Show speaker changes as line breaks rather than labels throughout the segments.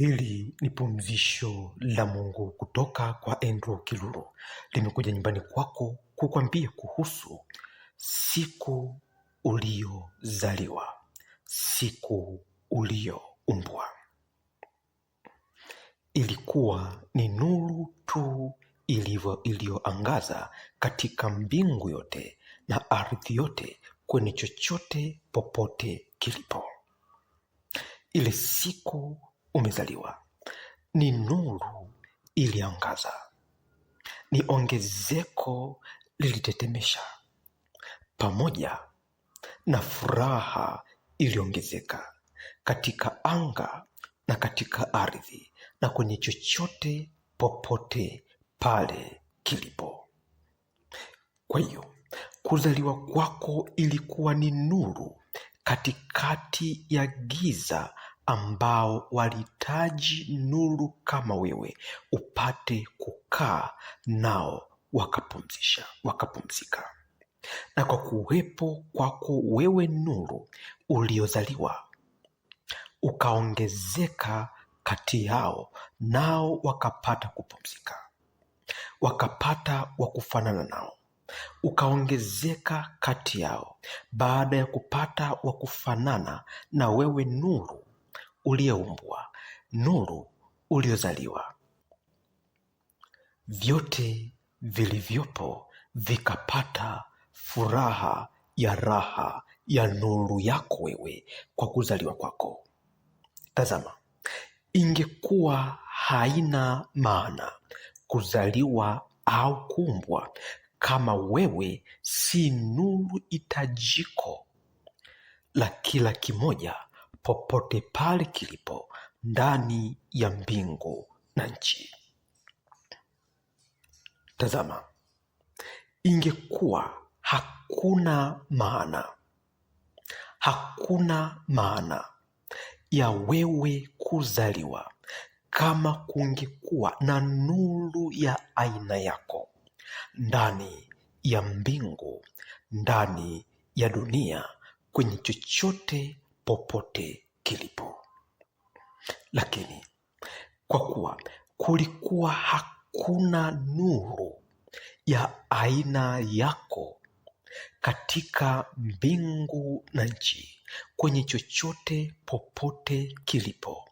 Hili ni pumzisho la Mungu kutoka kwa Andrew Kiluru, limekuja nyumbani kwako kukwambia kuhusu siku uliozaliwa, siku ulioumbwa. Ilikuwa ni nuru tu ilivyo iliyoangaza katika mbingu yote na ardhi yote, kwenye chochote popote kilipo. Ile siku umezaliwa, ni nuru iliangaza, ni ongezeko lilitetemesha, pamoja na furaha iliongezeka katika anga na katika ardhi na kwenye chochote popote pale kilipo. Kwa hiyo kuzaliwa kwako ilikuwa ni nuru katikati ya giza ambao walihitaji nuru kama wewe upate kukaa nao wakapumzisha wakapumzika na kwa kuwepo kwako wewe nuru uliozaliwa ukaongezeka kati yao nao wakapata kupumzika wakapata wa kufanana nao ukaongezeka kati yao baada ya kupata wa kufanana na wewe nuru uliyeumbwa, nuru uliyozaliwa. Vyote vilivyopo vikapata furaha ya raha ya nuru yako wewe kwa kuzaliwa kwako. Tazama, ingekuwa haina maana kuzaliwa au kuumbwa kama wewe si nuru itajiko la kila kimoja popote pale kilipo ndani ya mbingu na nchi. Tazama, ingekuwa hakuna maana, hakuna maana ya wewe kuzaliwa kama kungekuwa na nuru ya aina yako ndani ya mbingu, ndani ya dunia, kwenye chochote popote kilipo. Lakini kwa kuwa kulikuwa hakuna nuru ya aina yako katika mbingu na nchi, kwenye chochote popote kilipo,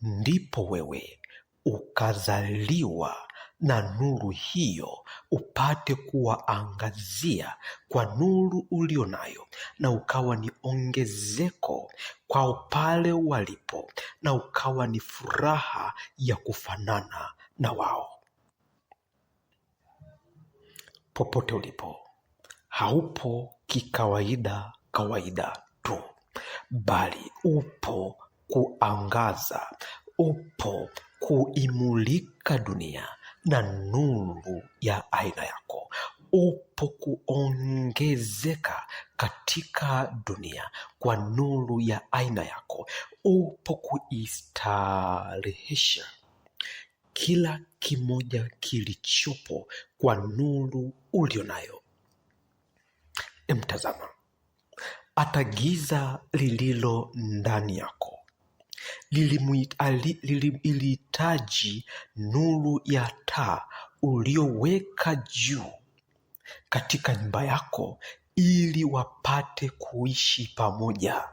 ndipo wewe ukazaliwa na nuru hiyo upate kuwaangazia kwa nuru ulio nayo, na ukawa ni ongezeko kwa pale walipo, na ukawa ni furaha ya kufanana na wao. Popote ulipo, haupo kikawaida kawaida tu, bali upo kuangaza, upo kuimulika dunia na nuru ya aina yako upo kuongezeka katika dunia kwa nuru ya aina yako, upo kuistarehesha kila kimoja kilichopo kwa nuru ulio nayo. mtazama hata giza lililo ndani yako lilihitaji nuru ya taa ulioweka juu katika nyumba yako ili wapate kuishi pamoja.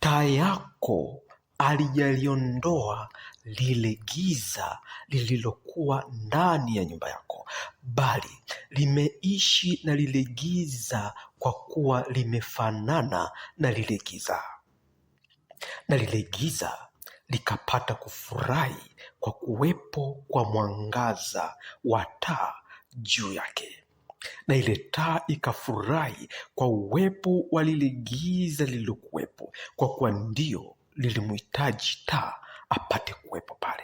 Taa yako alijaliondoa lile giza lililokuwa ndani ya nyumba yako, bali limeishi na lile giza kwa kuwa limefanana na lile giza na lile giza likapata kufurahi kwa kuwepo kwa mwangaza wa taa juu yake, na ile taa ikafurahi kwa uwepo wa lile giza lililokuwepo, kwa kuwa ndio lilimhitaji taa apate kuwepo pale.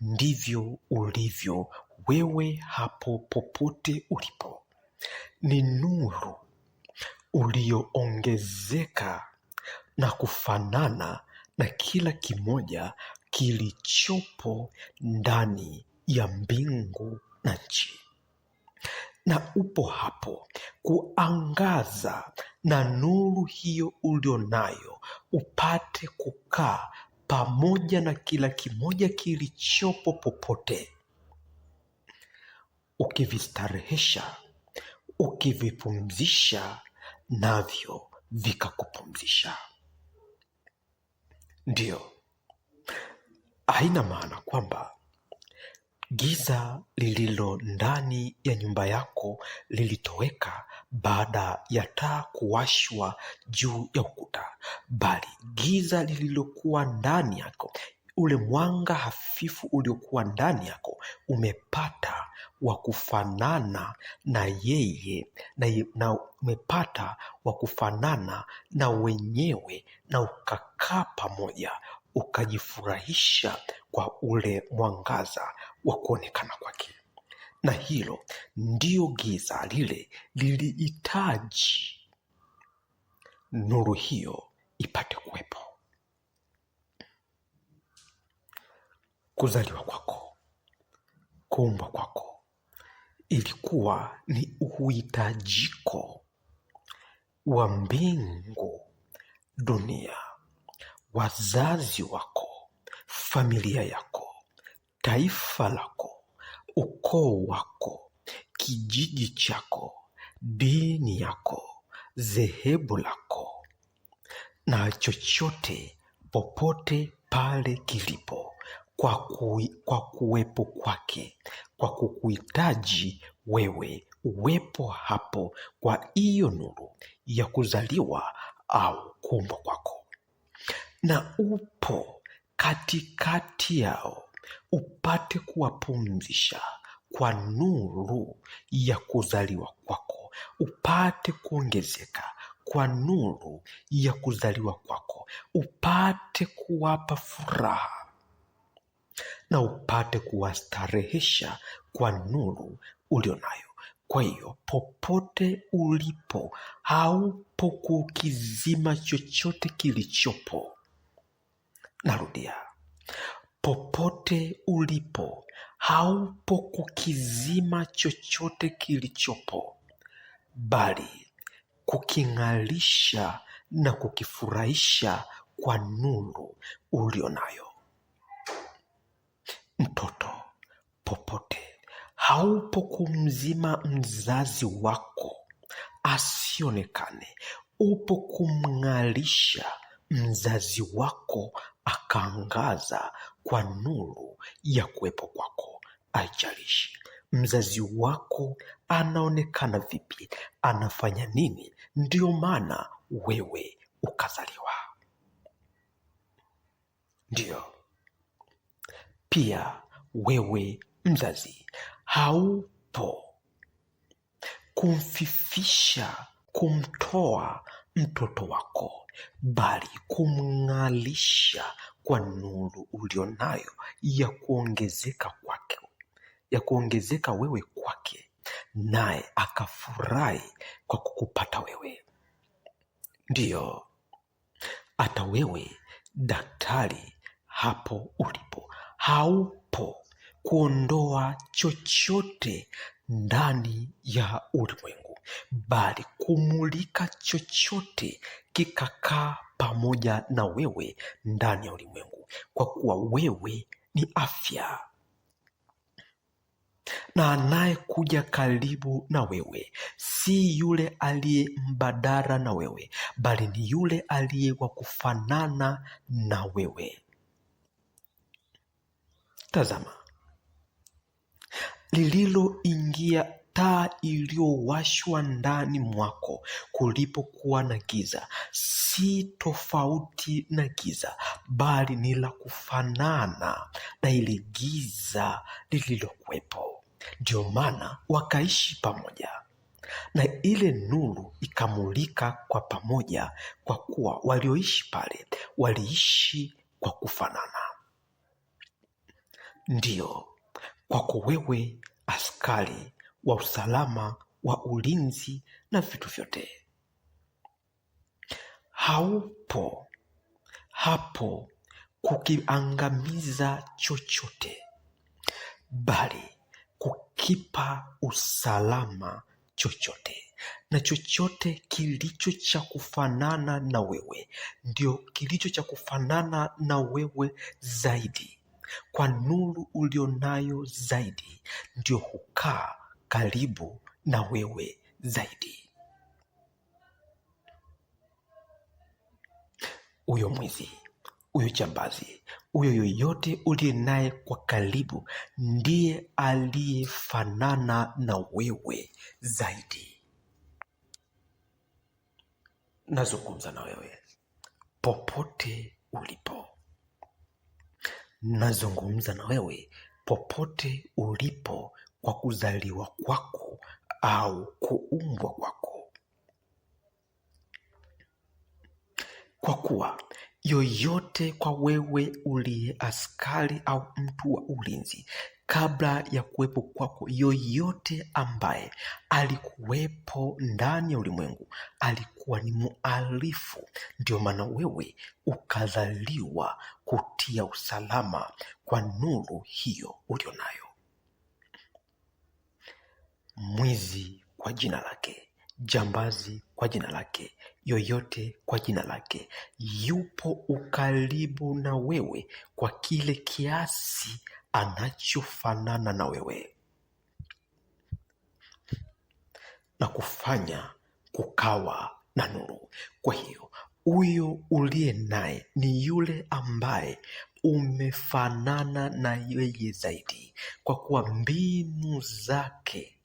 Ndivyo ulivyo wewe hapo popote ulipo, ni nuru ulioongezeka na kufanana na kila kimoja kilichopo ndani ya mbingu na nchi, na upo hapo kuangaza na nuru hiyo ulio nayo upate kukaa pamoja na kila kimoja kilichopo popote, ukivistarehesha, ukivipumzisha, navyo vikakupumzisha ndio haina maana kwamba giza lililo ndani ya nyumba yako lilitoweka baada ya taa kuwashwa juu ya ukuta, bali giza lililokuwa ndani yako ule mwanga hafifu uliokuwa ndani yako umepata wa kufanana na yeye na, na umepata wa kufanana na wenyewe na ukakaa pamoja ukajifurahisha kwa ule mwangaza wa kuonekana kwake na hilo ndiyo giza lile lilihitaji nuru hiyo ipate kuwepo Kuzaliwa kwako, kuumbwa kwako ilikuwa ni uhitajiko wa mbingu, dunia, wazazi wako, familia yako, taifa lako, ukoo wako, kijiji chako, dini yako, dhehebu lako na chochote popote pale kilipo kwa, kui, kwa kuwepo kwake, kwa kukuhitaji wewe uwepo hapo, kwa hiyo nuru ya kuzaliwa au kuumbwa kwako, na upo katikati yao upate kuwapumzisha kwa nuru ya kuzaliwa kwako, upate kuongezeka kwa nuru ya kuzaliwa kwako, upate kuwapa furaha na upate kuwastarehesha kwa nuru ulio nayo. Kwa hiyo popote ulipo, haupo kukizima chochote kilichopo. Narudia, popote ulipo, haupo kukizima chochote kilichopo, bali kuking'alisha na kukifurahisha kwa nuru ulio nayo mtoto popote, haupo kumzima mzazi wako asionekane, upo kumngalisha mzazi wako akaangaza kwa nuru ya kuwepo kwako. Aijalishi mzazi wako anaonekana vipi, anafanya nini, ndiyo maana wewe ukazaliwa. Ndiyo pia wewe mzazi haupo kumfifisha, kumtoa mtoto wako, bali kumng'alisha kwa nuru ulionayo ya kuongezeka kwake, ya kuongezeka wewe kwake, naye akafurahi kwa kukupata wewe. Ndiyo, hata wewe daktari hapo ulipo haupo kuondoa chochote ndani ya ulimwengu, bali kumulika chochote kikakaa pamoja na wewe ndani ya ulimwengu, kwa kuwa wewe ni afya na anayekuja karibu na wewe si yule aliye mbadala na wewe, bali ni yule aliye wa kufanana na wewe. Tazama, lililoingia taa iliyowashwa ndani mwako kulipokuwa na giza, si tofauti na giza, bali ni la kufanana na ile giza lililokuwepo. ndio maana wakaishi pamoja, na ile nuru ikamulika kwa pamoja, kwa kuwa walioishi pale waliishi kwa kufanana. Ndiyo, kwako wewe askari wa usalama wa ulinzi na vitu vyote. Haupo hapo kukiangamiza chochote, bali kukipa usalama chochote na chochote kilicho cha kufanana na wewe, ndio kilicho cha kufanana na wewe zaidi kwa nuru nayo zaidi, ndio hukaa karibu na wewe zaidi. Huyo mwizi, huyo jambazi, huyo yoyote uliye naye kwa karibu, ndiye aliyefanana na wewe zaidi. Nazungumza na wewe popote ulipo nazungumza na wewe popote ulipo kwa kuzaliwa kwako au kuumbwa kwako. kwa kuwa yoyote kwa wewe uliye askari au mtu wa ulinzi kabla ya kuwepo kwako, yoyote ambaye alikuwepo ndani ya ulimwengu alikuwa ni muarifu. Ndio maana wewe ukazaliwa kutia usalama kwa nuru hiyo ulionayo. Mwizi kwa jina lake jambazi kwa jina lake, yoyote kwa jina lake. Yupo ukaribu na wewe kwa kile kiasi anachofanana na wewe na kufanya kukawa na nuru. Kwa hiyo huyo uliye naye ni yule ambaye umefanana na yeye zaidi, kwa kuwa mbinu zake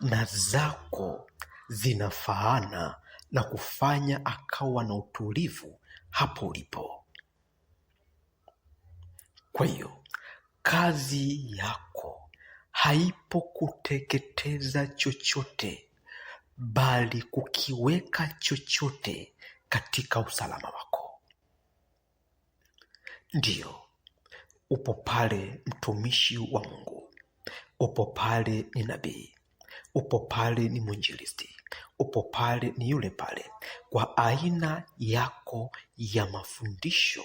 na zako zinafaana na kufanya akawa na utulivu hapo ulipo. Kwa hiyo kazi yako haipo kuteketeza chochote, bali kukiweka chochote katika usalama wako. Ndiyo, upo pale mtumishi wa Mungu, upo pale ni nabii, upo pale ni mwinjilisti, upo pale ni yule pale, kwa aina yako ya mafundisho,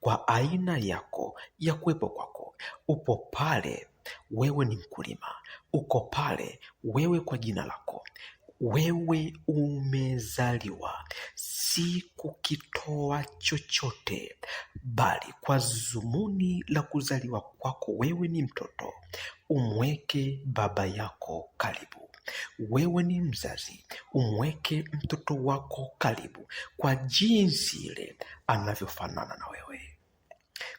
kwa aina yako ya kuwepo kwako. Upo pale wewe ni mkulima, uko pale wewe kwa jina lako wewe umezaliwa si kukitoa chochote, bali kwa zumuni la kuzaliwa kwako. Wewe ni mtoto, umweke baba yako karibu. Wewe ni mzazi, umweke mtoto wako karibu kwa jinsi ile anavyofanana na wewe,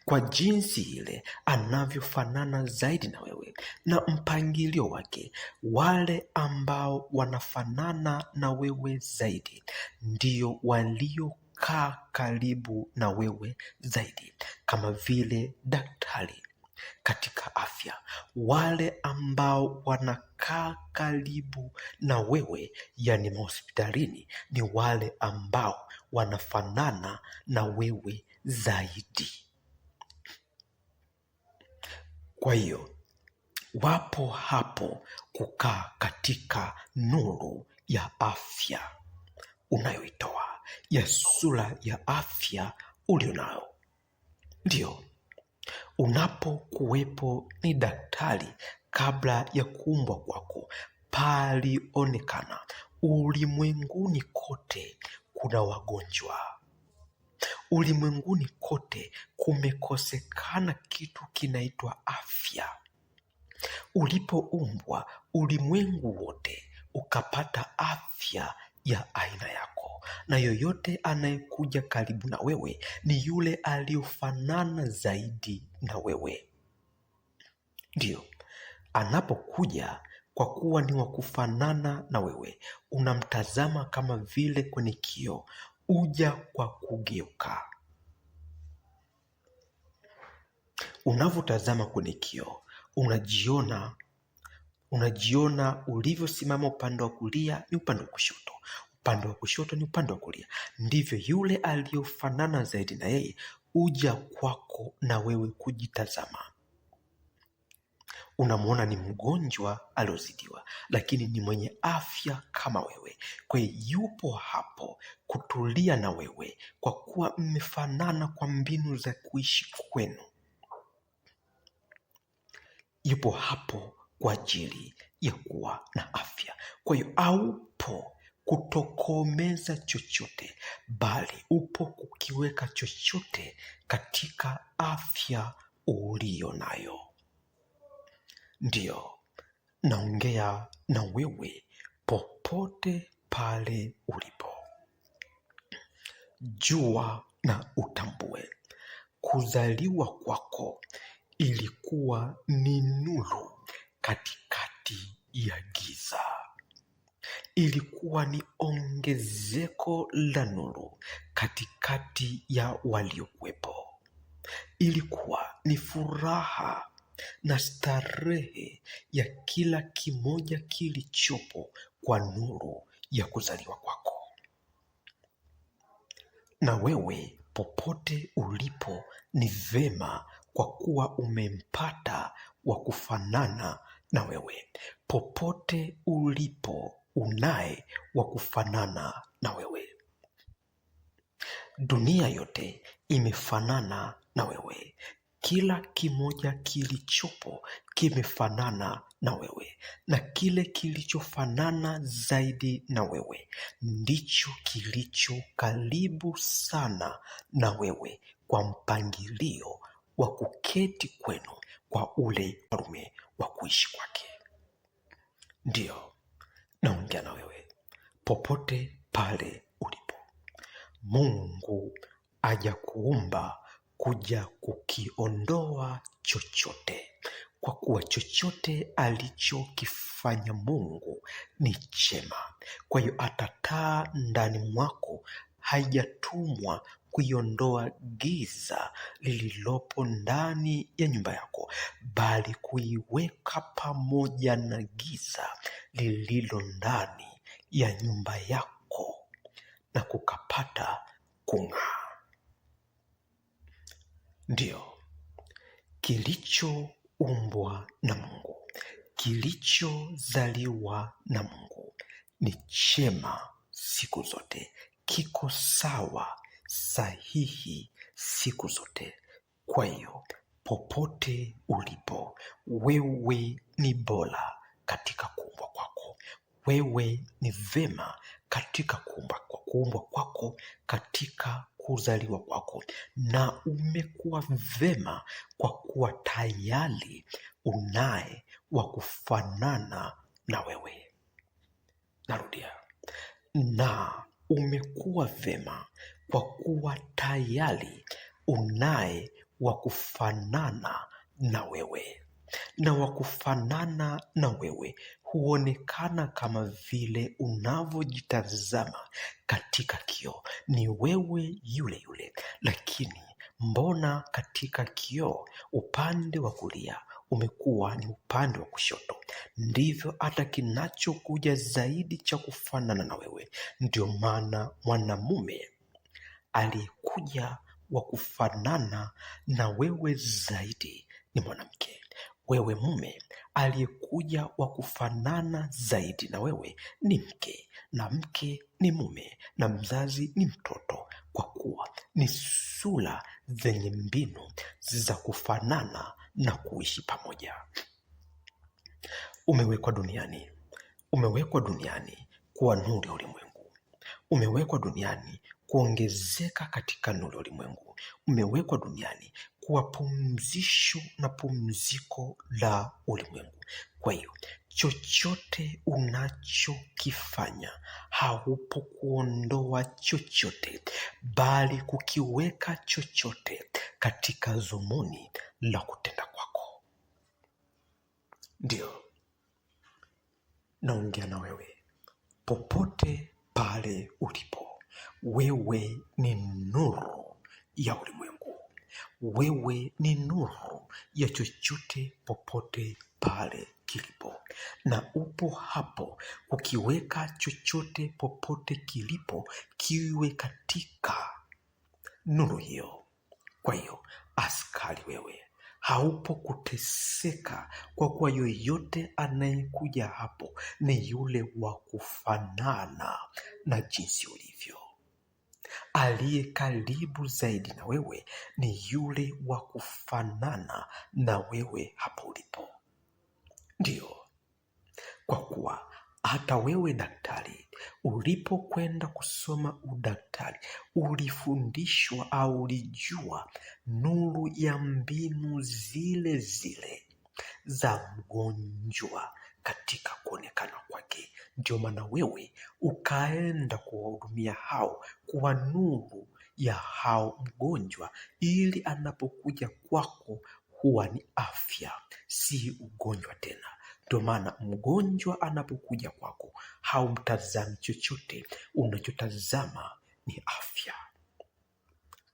kwa jinsi ile anavyofanana zaidi na wewe, na mpangilio wake. Wale ambao wanafanana na wewe zaidi ndio walio kaa karibu na wewe zaidi, kama vile daktari katika afya. Wale ambao wanakaa karibu na wewe, yani mahospitalini, ni wale ambao wanafanana na wewe zaidi. Kwa hiyo wapo hapo kukaa katika nuru ya afya unayoitoa ya sura ya afya ulionayo, ndio unapokuwepo ni daktari kabla ya kuumbwa kwako, palionekana. Ulimwenguni kote kuna wagonjwa, ulimwenguni kote kumekosekana kitu kinaitwa afya. Ulipoumbwa ulimwengu wote ukapata afya ya aina yako, na yoyote anayekuja karibu na wewe ni yule aliyofanana zaidi na wewe. Ndiyo, anapokuja kwa kuwa ni wa kufanana na wewe, unamtazama kama vile kwenye kioo, uja kwa kugeuka. Unavyotazama kwenye kioo, unajiona unajiona ulivyosimama upande wa kulia ni upande wa kushoto upande wa kushoto ni upande wa kulia ndivyo yule aliyofanana zaidi na yeye uja kwako na wewe kujitazama unamwona ni mgonjwa aliozidiwa lakini ni mwenye afya kama wewe kwa hiyo yupo hapo kutulia na wewe kwa kuwa mmefanana kwa mbinu za kuishi kwenu yupo hapo kwa ajili ya kuwa na afya. Kwa hiyo aupo kutokomeza chochote, bali upo kukiweka chochote katika afya uliyo nayo. Ndiyo, naongea na wewe popote pale ulipo, jua na utambue kuzaliwa kwako ilikuwa ni nuru katikati ya giza. Ilikuwa ni ongezeko la nuru katikati ya waliokuwepo. Ilikuwa ni furaha na starehe ya kila kimoja kilichopo kwa nuru ya kuzaliwa kwako. Na wewe popote ulipo, ni vema kwa kuwa umempata wa kufanana na wewe. Popote ulipo, unaye wa kufanana na wewe. Dunia yote imefanana na wewe, kila kimoja kilichopo kimefanana na wewe, na kile kilichofanana zaidi na wewe ndicho kilicho karibu sana na wewe, kwa mpangilio wa kuketi kwenu kwa ule arume wa kuishi kwake. Ndiyo, naongea na wewe popote pale ulipo. Mungu aja kuumba kuja kukiondoa chochote, kwa kuwa chochote alichokifanya Mungu ni chema. Kwa hiyo atataa ndani mwako haijatumwa kuiondoa giza lililopo ndani ya nyumba yako, bali kuiweka pamoja na giza lililo ndani ya nyumba yako na kukapata kung'aa. Ndiyo kilichoumbwa na Mungu, kilichozaliwa na Mungu ni chema siku zote, kiko sawa sahihi siku zote. Kwa hiyo popote ulipo wewe ni bora katika kuumbwa kwako, wewe ni vema katika kuumbwa kuumbwa kwako, katika kuzaliwa kwako, na umekuwa vema kwa kuwa tayari unaye wa kufanana na wewe. Narudia, na umekuwa vema kwa kuwa tayari unaye wa kufanana na wewe na wa kufanana na wewe huonekana kama vile unavyojitazama katika kioo. Ni wewe yule yule, lakini mbona katika kioo upande wa kulia umekuwa ni upande wa kushoto? Ndivyo hata kinachokuja zaidi cha kufanana na wewe. Ndio maana mwanamume aliyekuja wa kufanana na wewe zaidi ni mwanamke. Wewe mume, aliyekuja wa kufanana zaidi na wewe ni mke, na mke ni mume, na mzazi ni mtoto, kwa kuwa ni sura zenye mbinu za kufanana na kuishi pamoja. Umewekwa duniani, umewekwa duniani kuwa nuru ya ulimwengu, umewekwa duniani kuongezeka katika nuru ya ulimwengu. Umewekwa duniani kuwa pumzisho na pumziko la ulimwengu. Kwa hiyo chochote unachokifanya haupo kuondoa chochote, bali kukiweka chochote katika zumuni la kutenda kwako. ndio naongea na wewe popote pale ulipo. Wewe ni nuru ya ulimwengu, wewe ni nuru ya chochote popote pale kilipo, na upo hapo kukiweka chochote popote kilipo kiwe katika nuru hiyo. Kwa hiyo askari, wewe haupo kuteseka, kwa kuwa yoyote anayekuja hapo ni yule wa kufanana na jinsi ulivyo. Aliye karibu zaidi na wewe ni yule wa kufanana na wewe hapo ulipo. Ndiyo, kwa kuwa hata wewe daktari, ulipokwenda kusoma udaktari, ulifundishwa au ulijua nuru ya mbinu zile zile za mgonjwa katika kuonekana kwake. Ndio maana wewe ukaenda kuwahudumia hao, kuwa nuru ya hao mgonjwa, ili anapokuja kwako huwa ni afya, si ugonjwa tena. Ndio maana mgonjwa anapokuja kwako haumtazami chochote, unachotazama ni afya.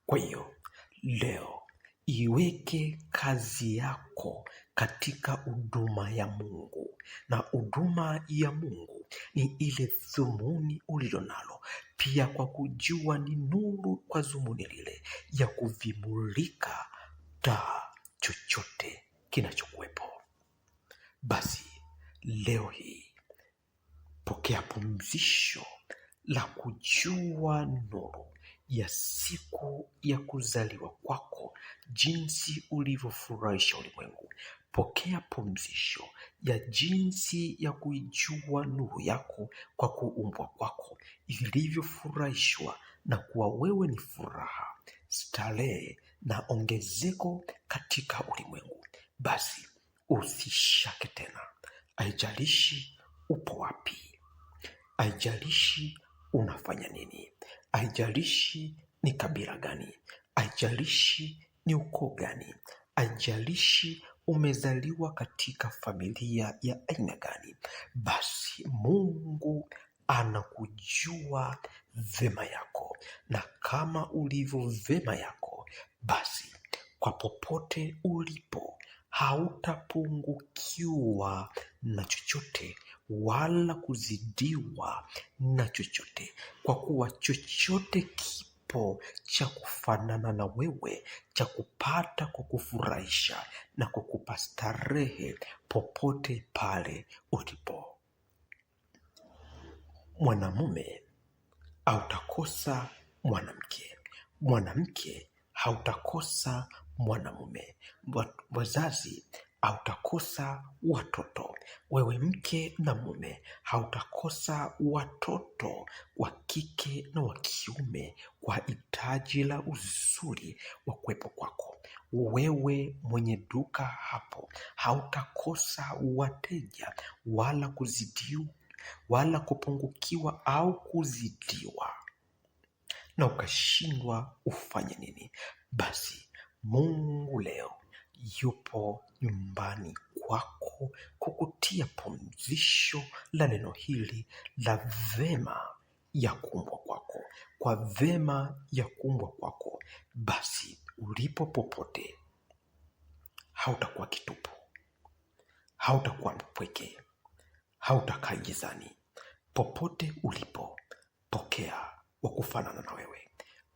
Kwa hiyo leo iweke kazi yako katika huduma ya Mungu, na huduma ya Mungu ni ile dhumuni ulilo nalo, pia kwa kujua ni nuru kwa dhumuni lile ya kuvimulika taa chochote kinachokuwepo. Basi leo hii pokea pumzisho la kujua nuru ya siku ya kuzaliwa kwako, jinsi ulivyofurahisha ulimwengu. Pokea pumzisho ya jinsi ya kuijua nuru yako kwa kuumbwa kwako ilivyofurahishwa na kuwa wewe ni furaha, starehe na ongezeko katika ulimwengu. Basi usishake tena, aijalishi upo wapi, aijalishi unafanya nini, aijalishi ni kabila gani, aijalishi ni ukoo gani, aijalishi umezaliwa katika familia ya aina gani, basi Mungu anakujua vema yako, na kama ulivyo vema yako, basi kwa popote ulipo hautapungukiwa na chochote wala kuzidiwa na chochote, kwa kuwa chochote kipo kipo cha kufanana na wewe cha kupata kwa kufurahisha na kukupa starehe popote pale ulipo. Mwanamume hautakosa mwanamke, mwanamke hautakosa mwanamume. Wazazi hautakosa watoto. Wewe mke na mume, hautakosa watoto wa kike na wa kiume kwa hitaji la uzuri wa kuwepo kwako. Wewe mwenye duka hapo, hautakosa wateja wala kuzidiwa wala kupungukiwa au kuzidiwa na ukashindwa ufanye nini. Basi Mungu leo yupo nyumbani kwako kukutia pumzisho la neno hili la vema ya kuumbwa kwako, kwa vema ya kuumbwa kwako, basi ulipo popote, hautakuwa kitupu, hautakuwa mpweke, hautakaa gizani. Popote ulipo, pokea wa kufanana na wewe,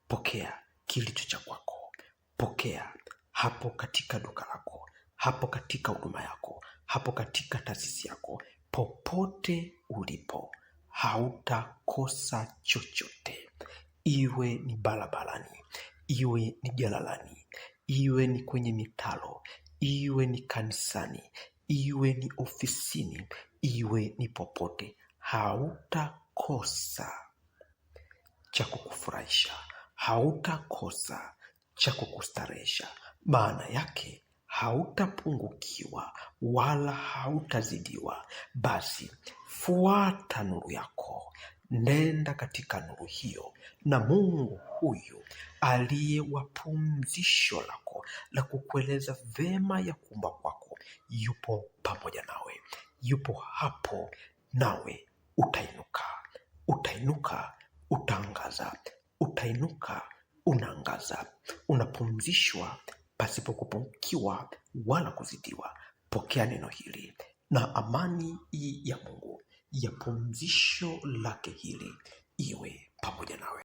pokea kilicho cha kwako, pokea hapo katika duka lako, hapo katika huduma yako, hapo katika taasisi yako, popote ulipo, hautakosa chochote, iwe ni barabarani, iwe ni jalalani, iwe ni kwenye mitalo, iwe ni kanisani, iwe ni ofisini, iwe ni popote, hautakosa cha kukufurahisha, hautakosa cha kukustarehesha maana yake hautapungukiwa wala hautazidiwa. Basi fuata nuru yako, nenda katika nuru hiyo, na Mungu huyu aliye wapumzisho lako la kukueleza vema ya kuumba kwako, yupo pamoja nawe, yupo hapo nawe utainuka, utainuka, utaangaza, utainuka, unaangaza, unapumzishwa kupungukiwa wala kuzidiwa. Pokea neno hili na amani ya Mungu ya pumzisho lake hili iwe pamoja nawe.